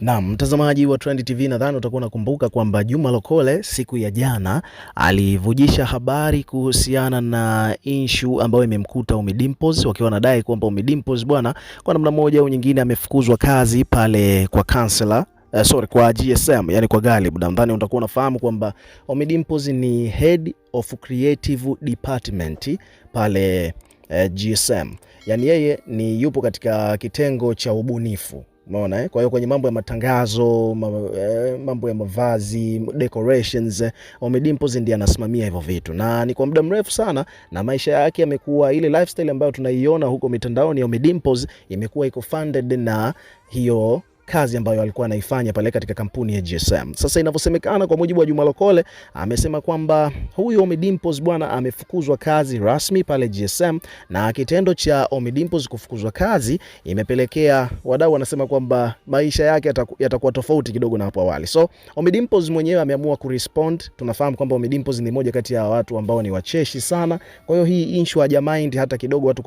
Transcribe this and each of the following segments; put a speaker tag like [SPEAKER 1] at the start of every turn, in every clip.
[SPEAKER 1] Naam, mtazamaji wa Trend TV nadhani utakuwa unakumbuka kwamba Juma Lokole siku ya jana alivujisha habari kuhusiana na inshu ambayo imemkuta Ommy Dimpoz, wakiwa wanadai kwamba Ommy Dimpoz bwana, kwa namna moja au nyingine amefukuzwa kazi pale kwa kansela Uh, eh, sorry kwa GSM yani kwa Galib, nadhani utakuwa unafahamu kwamba Ommy Dimpoz ni head of creative department pale uh, eh, GSM, yani yeye ni yupo katika kitengo cha ubunifu Umeona eh? Kwa hiyo kwenye mambo ya matangazo, eh, mambo ya mavazi, decorations, eh, Ommy Dimpoz ndiye anasimamia hivyo vitu. Na ni kwa muda mrefu sana na maisha yake yamekuwa ile lifestyle ambayo tunaiona huko mitandaoni ya Ommy Dimpoz imekuwa iko funded na hiyo kazi ambayo alikuwa anaifanya pale katika kampuni ya GSM. Sasa inavyosemekana, kwa mujibu wa Juma Lokole, amesema kwamba huyu Ommy Dimpoz bwana amefukuzwa kazi rasmi pale GSM, na kitendo cha Ommy Dimpoz kufukuzwa kazi imepelekea wadau wanasema kwamba maisha yake yatakuwa tofauti kidogo na hapo awali. So Ommy Dimpoz mwenyewe ameamua kurespond. Tunafahamu kwamba Ommy Dimpoz ni moja kati ya watu ambao ni wacheshi sana, kwa hiyo hii issue hajamind hata kidogo watu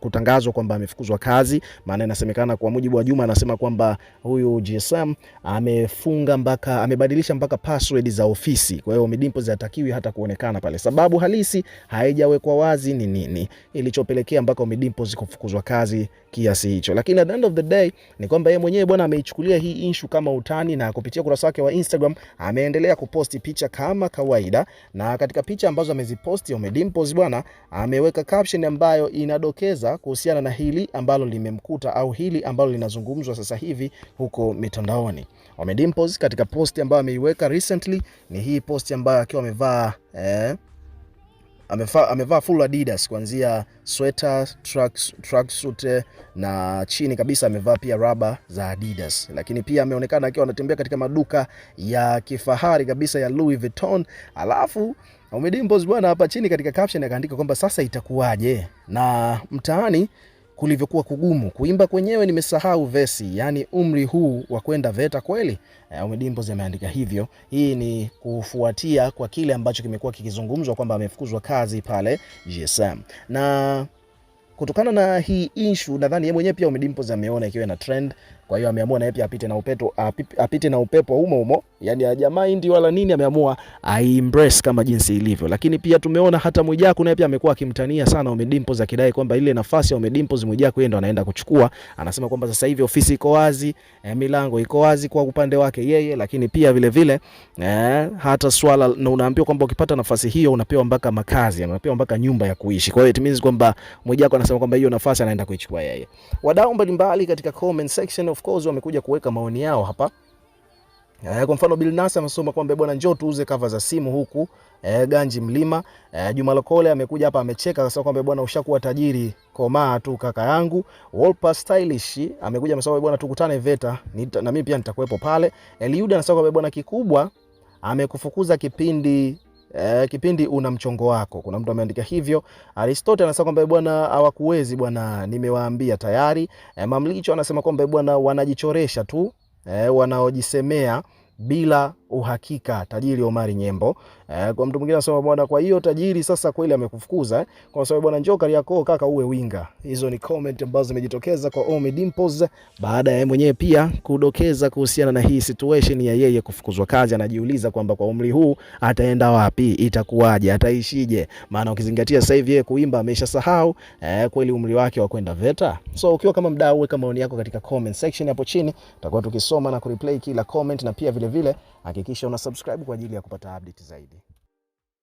[SPEAKER 1] kumtangazwa kwamba amefukuzwa kazi, maana inasemekana, kwa mujibu wa Juma anasema kwamba huyu GSM amefunga mpaka amebadilisha mpaka password za ofisi. Kwa hiyo Omidimpos hatakiwi hata kuonekana pale, sababu halisi haijawekwa wazi ni nini ilichopelekea mpaka Omidimpos kufukuzwa kazi kiasi hicho. Lakini at the end of the day ni kwamba yeye mwenyewe bwana ameichukulia hii issue kama utani, na kupitia kurasa yake wa Instagram ameendelea kuposti picha kama kawaida, na katika picha ambazo ameziposti Omidimpos bwana ameweka caption ambayo inadokeza kuhusiana na hili ambalo limemkuta au hili ambalo linazungumzwa sasa hivi huko mitandaoni. Omedimpos katika posti ambayo ameiweka recently ni hii posti ambayo akiwa amevaa eh, amevaa full Adidas kuanzia sweta tracksuit eh, na chini kabisa amevaa pia raba za Adidas, lakini pia ameonekana akiwa anatembea katika maduka ya kifahari kabisa ya Louis Vuitton. Alafu Omedimpos bwana hapa chini katika caption akaandika kwamba sasa itakuwaje na mtaani kulivyokuwa kugumu kuimba kwenyewe. Nimesahau vesi, yaani umri huu wa kwenda VETA kweli. Omidimpos eh, ameandika hivyo. Hii ni kufuatia kwa kile ambacho kimekuwa kikizungumzwa kwamba amefukuzwa kazi pale GSM na kutokana na hii issue nadhani yeye mwenyewe pia Omidimpos ameona ikiwa na trend kwa hiyo ameamua naye pia apite na upepo, apite na upepo humo humo, yani hajamaa indi wala nini, ameamua aimbrace kama jinsi ilivyo. Lakini pia tumeona hata Mwijaku naye pia amekuwa akimtania sana Ommy Dimpoz, akidai kwamba ile nafasi ya Ommy Dimpoz Mwijaku yeye ndo anaenda kuchukua. Anasema kwamba sasa hivi ofisi iko wazi, eh, milango iko wazi kwa upande wake yeye, lakini pia vile vile eh, hata swala na unaambiwa kwamba ukipata nafasi hiyo unapewa mpaka makazi, unapewa mpaka nyumba ya kuishi. Kwa hiyo it means kwamba Mwijaku anasema kwamba hiyo nafasi anaenda kuichukua yeye. Wadau mbalimbali katika comment section of course wamekuja kuweka maoni yao hapa. Eh, kwa mfano Bill Nasa amesoma kwamba bwana, njoo tuuze cover za simu huku eh, Ganji Mlima. Eh, Juma Lokole amekuja hapa amecheka akasema kwamba bwana, ushakuwa tajiri koma tu kaka yangu. Wolpa Stylish amekuja amesema bwana, tukutane Veta nita, na mimi pia nitakuwepo pale. Eliuda anasema kwamba bwana, kikubwa amekufukuza kipindi eh, kipindi una mchongo wako. Kuna mtu ameandika hivyo. aristote anasema kwamba eh, bwana hawakuwezi bwana, nimewaambia tayari. Eh, Mamlicho anasema kwamba eh, bwana wanajichoresha tu eh, wanaojisemea bila uhakika, tajiri Omari Nyembo. Eh, kwa mtu mwingine anasema bwana, kwa hiyo tajiri sasa kweli amekufukuza eh, kwa sababu bwana, njoo Kariakoo kaka uwe winga. Hizo ni comment ambazo zimejitokeza kwa Ommy Dimpoz baada ya mwenyewe pia kudokeza kuhusiana na hii situation ya yeye kufukuzwa kazi. Anajiuliza kwamba kwa umri huu ataenda wapi, itakuwaje, ataishije? Maana ukizingatia sasa hivi yeye kuimba ameshasahau eh, kweli umri wake wa kwenda VETA. So ukiwa kama mdau, weka maoni yako katika comment section hapo chini, tutakuwa tukisoma na kureplay kila comment na pia vile vile hakikisha una subscribe kwa ajili ya kupata update zaidi.